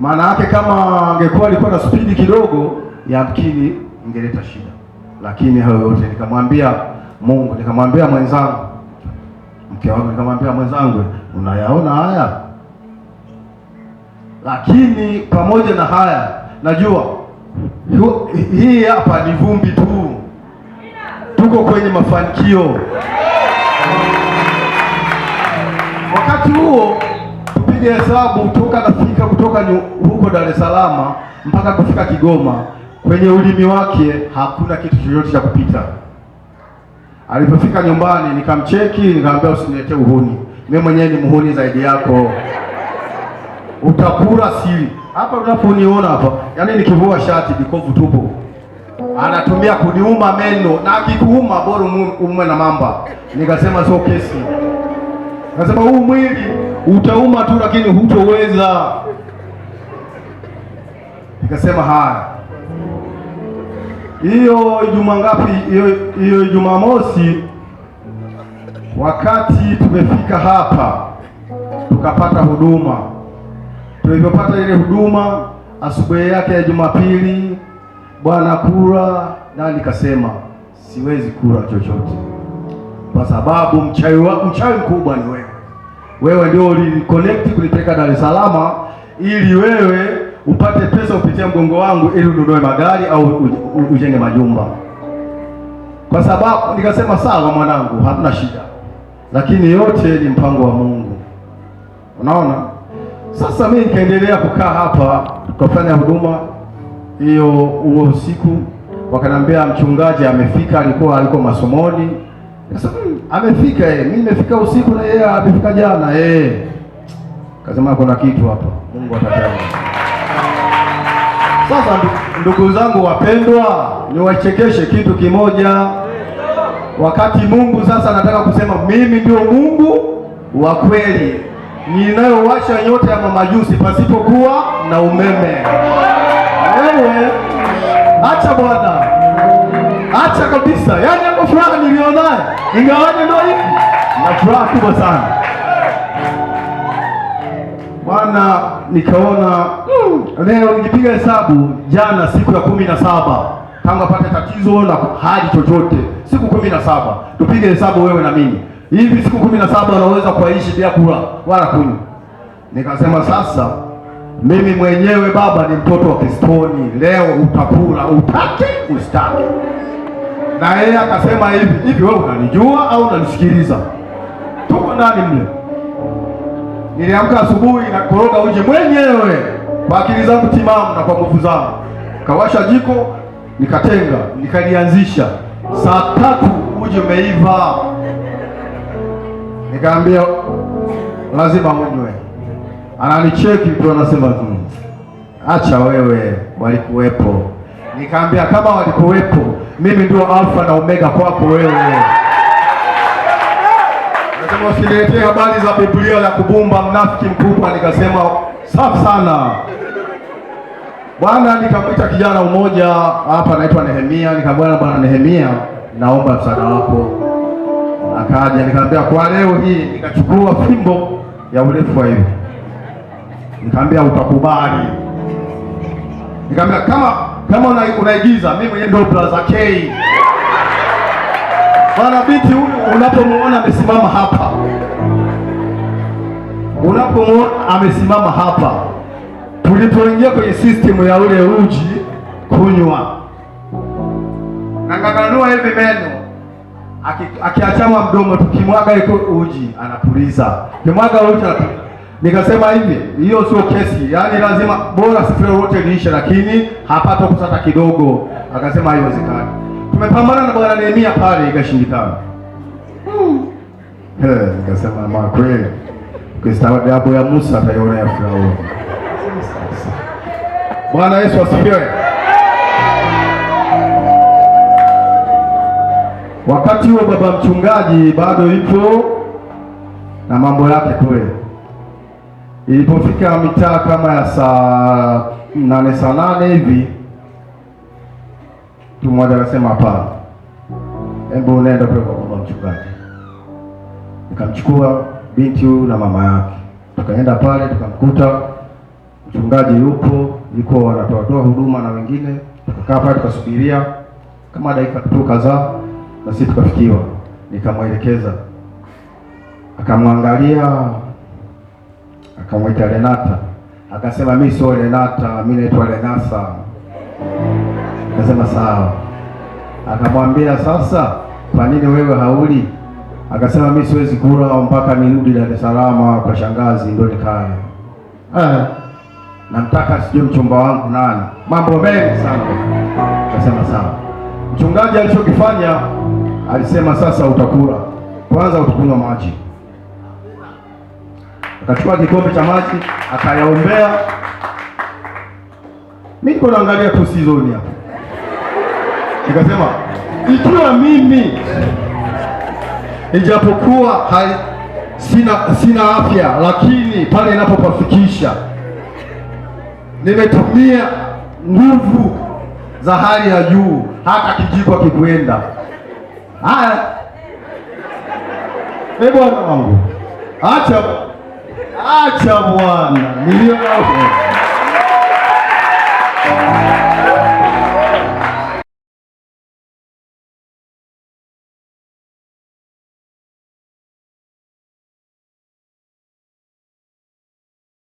Maana yake kama angekuwa alikuwa na spidi kidogo, yamkini ingeleta shida, lakini hayo yote nikamwambia Mungu, nikamwambia mwenzangu, mke wangu, nikamwambia mwenzangu, unayaona haya, lakini pamoja na haya najua hii hapa ni vumbi tu, tuko kwenye mafanikio wakati huo Ukipiga hesabu toka nafika kutoka huko Dar es Salaam mpaka kufika Kigoma, kwenye ulimi wake hakuna kitu chochote cha kupita. Alipofika nyumbani, nikamcheki nikamwambia, usiniletee uhuni, mimi mwenyewe ni muhuni zaidi yako, utakula siri hapa unaponiona hapa. Yani nikivua shati jikovu tupo, anatumia kuniuma meno, na akikuuma bora umwe na mamba. Nikasema sio kesi, nikasema huu mwili utauma tu, lakini hutoweza. Nikasema haya, hiyo juma ngapi? Hiyo Ijumaa mosi, wakati tumefika hapa tukapata huduma. Tulivyopata ile huduma, asubuhi yake ya Jumapili, bwana kura, na nikasema siwezi kura chochote kwa sababu mchawi mchawi mkubwa ni wewe wewe ndio uliconnect kuniteka Dar es Salaam ili wewe upate pesa kupitia mgongo wangu ili ununue magari au ujenge majumba. Kwa sababu nikasema sawa, mwanangu, hatuna shida, lakini yote ni mpango wa Mungu. Unaona, sasa mimi nikaendelea kukaa hapa, tukafanya huduma hiyo. Huo usiku wakaniambia mchungaji amefika, alikuwa alikuwa masomoni. Nikasema amefika yeye, mimi nimefika usiku na yeye amefika jana eh. Kasema kuna kitu hapa, Mungu atajua. Sasa ndugu zangu wapendwa, niwachekeshe kitu kimoja. Wakati Mungu sasa anataka kusema mimi ndio Mungu wa kweli ninayowasha nyota ya mamajusi pasipokuwa na umeme. Wewe acha Bwana acha kabisa. Yaani hapo furaha nilionayo ingawaje ndio hivi, na furaha kubwa sana bwana. Nikaona leo nikipiga hesabu, jana siku ya kumi na saba tangu tatizo la hali chochote, siku kumi na saba tupige hesabu wewe na mimi, hivi siku kumi na saba unaweza kuishi bila kula wala kunywa. Nikasema sasa mimi mwenyewe baba ni mtoto wa Kistoni, leo utakula, utake usitake na yeye akasema hivi hivi, wewe unanijua au unanisikiliza? Tuko ndani mle. Niliamka asubuhi na koroga uji mwenyewe kwa akili zangu timamu na kwa nguvu zangu, kawasha jiko nikatenga, nikalianzisha saa tatu, uji umeiva. Nikaambia lazima unywe. Ananicheki mtu anasema, acha wewe, walikuwepo Nikaambia kama walikuwepo, mimi ndio alfa na omega kwako wewe. Nasema usiniletee habari za Biblia la kubumba, mnafiki mkubwa. Nikasema safi sana bwana. Nikamwita kijana mmoja hapa anaitwa Nehemia, nikamwambia bwana Nehemia, naomba msaada wako. Akaja nikaambia kwa leo hii, nikachukua fimbo ya urefu wa hivi, nikaambia utakubali, nikaambia kama kama una, unaigiza mimi mwenyewe ndio Brother K. Bana binti huyu unapomuona amesimama hapa, unapomuona amesimama hapa, tulipoingia kwenye system ya ule uji kunywa na hivi meno, akiachama aki mdomo, tukimwaga iko uji anapuliza, kimwaga uji anapuliza Nikasema hivi, hiyo sio kesi, yaani lazima bora sifure wote niishe, lakini hapata kusata kidogo. Akasema haiwezekani. Tumepambana na bwana Nehemia pale, ikashindikana. Hmm. He, nikasema ma kweli, kistaadabu ya Musa ataiona ya Farao. Bwana Yesu asifiwe. Wakati huo baba mchungaji bado yupo na mambo yake kule Ilipofika mitaa kama ya saa nane saa nane hivi, mtu mmoja akasema hapana, hebu unaenda pale kwa baba mchungaji. Nikamchukua binti huyu na mama yake, tukaenda pale tukamkuta mchungaji yupo, yuko wanatoatoa huduma na wengine. Tukakaa pale tukasubiria kama dakika tu kadhaa, na sisi tukafikiwa. Nikamwelekeza, akamwangalia akamwita Renata, akasema mimi sio Renata, mimi naitwa Renasa. Akasema sawa. Akamwambia sasa, kwa nini wewe hauli? Akasema mimi siwezi kula mpaka nirudi Dar es Salaam kwa shangazi ndio nikae. Eh, namtaka sijui mchumba wangu nani. Mambo mengi sana. Akasema sawa. Mchungaji alichokifanya alisema, sasa utakula kwanza, utakunywa maji akachukua kikombe cha maji akayaombea. Mimi niko naangalia tu season hapo, nikasema ikiwa mimi ijapokuwa sina sina afya, lakini pale inapopafikisha nimetumia nguvu za hali ya juu, hata kijiko kikwenda haya. Ee wangu, acha Acha Bwana nilio